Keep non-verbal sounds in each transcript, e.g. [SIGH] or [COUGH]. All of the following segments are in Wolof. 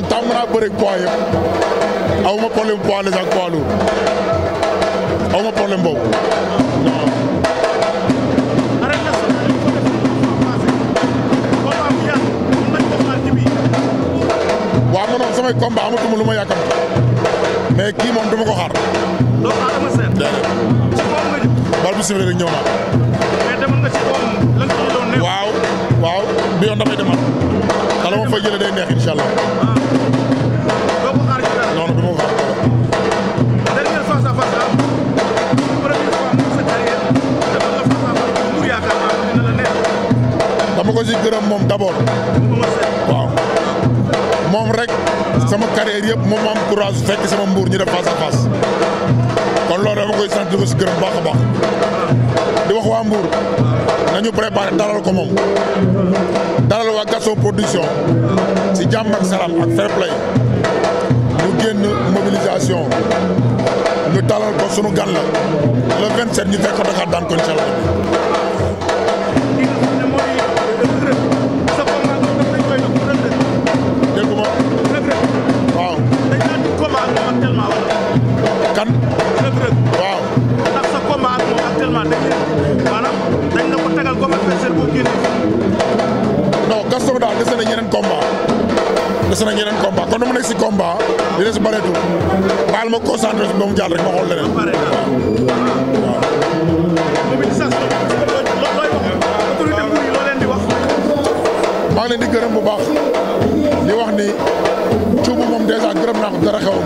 man tàmm naa bëri poids ma problème poids léger ak poids lourd aw ma problème boobu non. waaw man moom samay combat amatuma lu ma yàkkamti mais kii moom duma ko xaar. doo bu sifle rek waaw waaw bi yoon ndax la ma fa jëlee neex incha allah. doo ko xaar ci dara non non du ma ko gërëm moom d' abord. moom rek sama carrière yëpp moom am courage fekk sama mbuur ñu def face à face kon loolu dama koy sant gërëm baax a baax di wax waa mbuur. nañu préparé dalal ko moom dalal waa Gaston production si jàmm ak salaam ak fair play ñu génn mobilisation ñu dalal ko sunu gan la le 27 ñu fekk ko Dakar daan ko incha allah des na yeneen combat kon dama nekk si combat li des bëreetul baal ma concentré si ba rek ma xool leneen waaw. maa ngi leen di gërëm bu baax li wax ni cuubu moom dèjà gërëm naa ko dara xew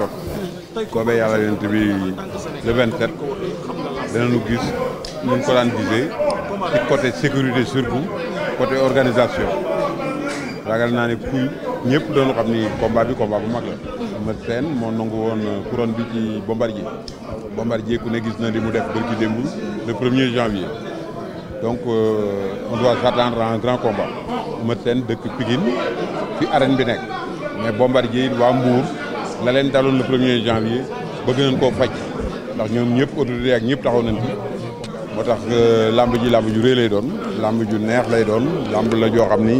ma. soobee yàlla yonent bi le 27 danañu gis ñu ko daan gisee ci côté sécurité surtout côté organisation ragal naa ne kuy ñëpp doon xam ni combat bi combat bu mag la. Eumeu Sène moo nangu woon couronne bi ci Bombardier Bombardier ku ne gis na li mu def bërki démb le premier janvier donc euh, on doit s'attendre grand combat Eumeu Sène dëkk Pikine fi arène bi nekk mais Bombardier it waa Mbour. la leen daloon le premier janvier bëgg nañ koo faj ndax ñoom ñëpp autorité ak ñëpp taxaw nañ moo tax lamb ji lamb ju rëy lay doon lamb ju neex lay doon lamb la joo xam ni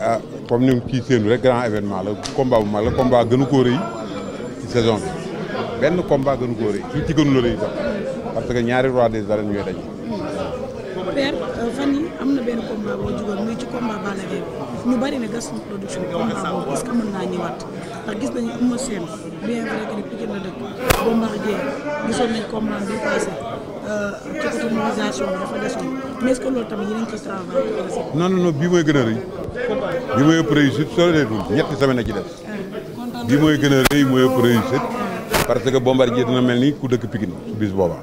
a ah, comme ni kii séenu rek grand événement la combat bu mag la combat gënu koo saison bi benn combat gënu koo rëy ci gënu la rëy parce que ñaari roi de arènes ñooy daje. père euh, fan am na benn combat boo jógoon muy ci combat Balla Gaye ñu bari que mën naa ñëwaat. ndax gis nañu Eumeu Sène bien vrai que ni Pikine bi passé euh, ci côté mobilisation bi dafa desoon mais est gën a rëy. bii mooy ëpp réussite soo ñetti semaine a ci des. Ah, bii mooy gën a rëy mooy ëpp ah. parce que Bombardier dina mel ni ku dëkk Pikine bis booba.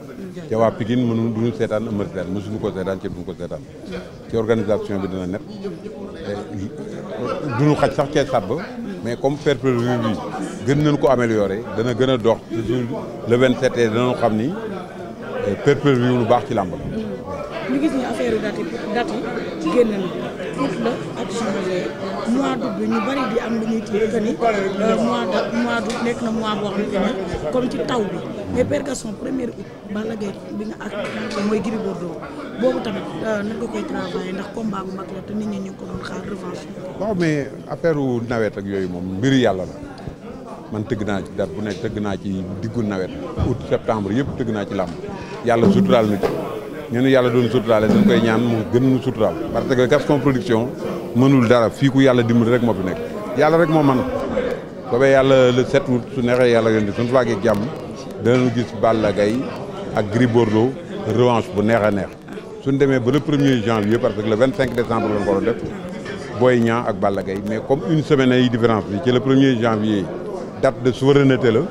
te waa Pikine mënu duñu seetaan Eumeu Sène mësuñu ko seetaan ci duñu ko seetaan ci organisation bi dina nekk. Euh, duñu xaj sax cee sab mais comme fair play bi gën nañu ko amélioré dana gën a dox toujours le 27 et danañu xam ni fair play bi lu baax ci làmb mmh. ñu gis ni affaire date yi date yi août la ak juillet mois d'août bi ñu bari di am lu ñuy tudd que ni euh, mois d' nekk na mois boo xamante ne comme ci taw bi mais percussion premier août Balla Gaye bi nga ak mooy Gris boobu tamit euh, nan koy travaillé ndax combat bu mag la te nit ñi ñu ko xaar revanche. waaw mais affaire nawet ak yooyu moom mbir yàlla la man tëgg naa ci date bu nekk tëgg naa ci diggu nawet août septembre yëpp tëgg naa ci làmb yàlla suturaal na ñu nu yàlla doon suturaale dañ koy ñaan mu gën ñu suturaal parce que Gaston Production mënul dara fii ku yàlla dimbali rek moo fi nekk yàlla rek moo man soobee yàlla le 7 août su neexee yàlla yéen di suñu faagee jàmm danañu gis Balla Gaye ak Gris Bordeaux revanche bu neex a neex suñ demee ba le premier janvier parce que le 25 décembre lañ ko doon def Boy Niang ak Balla Gaye mais comme une semaine ay différence bi ci le premier janvier date de souveraineté la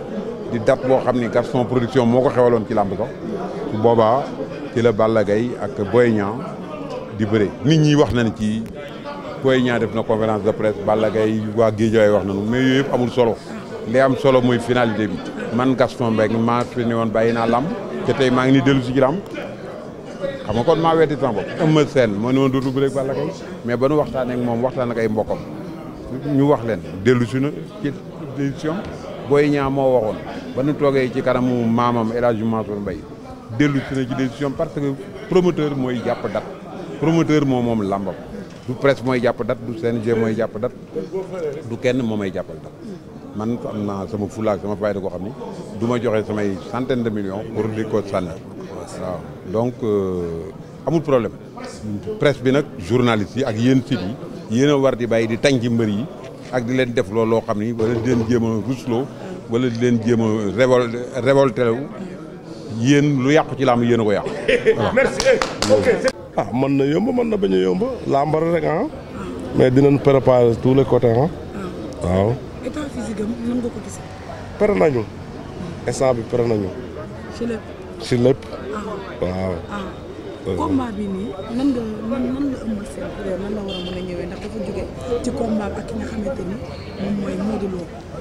di date boo xam ni Gaston Production moo ko xewaloon ci làmb sax ci la Balla Gaye ak Boy Niang di bëre nit ñi wax nañ ci Boy Niang def na conférence de presse Balla Gaye waa Guédiawaye wax nañu mais yooyu yëpp amul solo li am solo mooy finalité bi man Gaston Mbengue maa fi ne woon bàyyi naa lam te tey maa ngi ni dellu si ci xam nga kon maa weeti sama bopp Eumeu Sène moo ne woon dootu bëre ak Balla Gaye mais ba nu waxtaanee moom waxtaan ak ay mbokkam ñu wax leen dellu si na ci décision Boy moo waxoon ba nu toogee ci kanamu maamam El Hadj Mansour Mbaye dellu si na ci décision parce que promoteur mooy jàpp date promoteur moo moom làmbam du presse mooy jàpp date du CNG mooy jàpp date du kenn moom may jàppal date man am sama fulaak sama fayda koo xam ni du ma joxe samay santene de million pour di ko sànni waaw donc euh, amul problème presse bi nag journaliste yi ak yéen site yi yéen a war di bàyyi di tànc mbër yi ak di leen def loolu loo xam ni wala di leen jéem a rusloo wala di leen jéem a révol révolté yéen lu yàqu ci làmb yéen a ko yàqu. [LAUGHS] merci ah, mën na yomb mën na bañ a yomb làmbar rek ah. mais dinañ préparer tous les côtés ah. ah. waaw état physique am nañu. instant bi pare nañu. ci lépp ci lépp. Ah. waaw. Euh. bi nii nan nga nan nan la ëmb nan la war a mën a ñëwee ndax dafa jóge ci combat ak ki nga xamante ni moom mooy Modou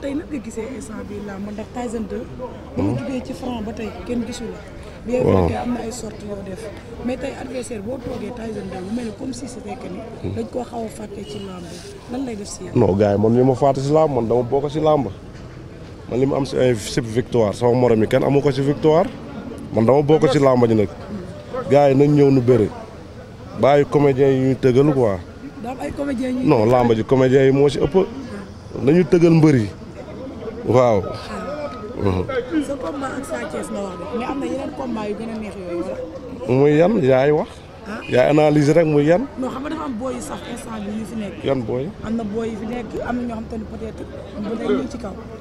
tey nag nga gisee instant bi làmb ndax Tyson 2. ba mu jugee ci franc ba tey kenn gisu la. waaw am na ay sorties yoo def mais tey adversaire boo toogee Tyson 2 bu mel comme si c'était que ni. Hmm. dañ koo ci làmb man li ma fàtte si làmb man dama bokk si làmb man am si ay sëb victoire kenn amu ko si victoire man dama bokk si làmb ji nag. gars yi nañ ñëw nu bëri bàyyi comédiens yi ñuy tëgal quoi. daal ay làmb ji comédiens yi moo si ëpp. nañu tëgal mbër yi waaw. sa combat muy yan yaay wax. Ah? yaay analyse rek mu yan. non booy sax yan booy. am na ñoo xam te ne peut être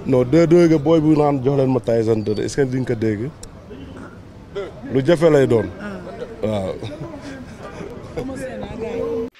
bu dee de dégg booy bu naan jox leen ma Tyson de est ce ko dégg ah. lu jafe lay doon. Ah. waaw.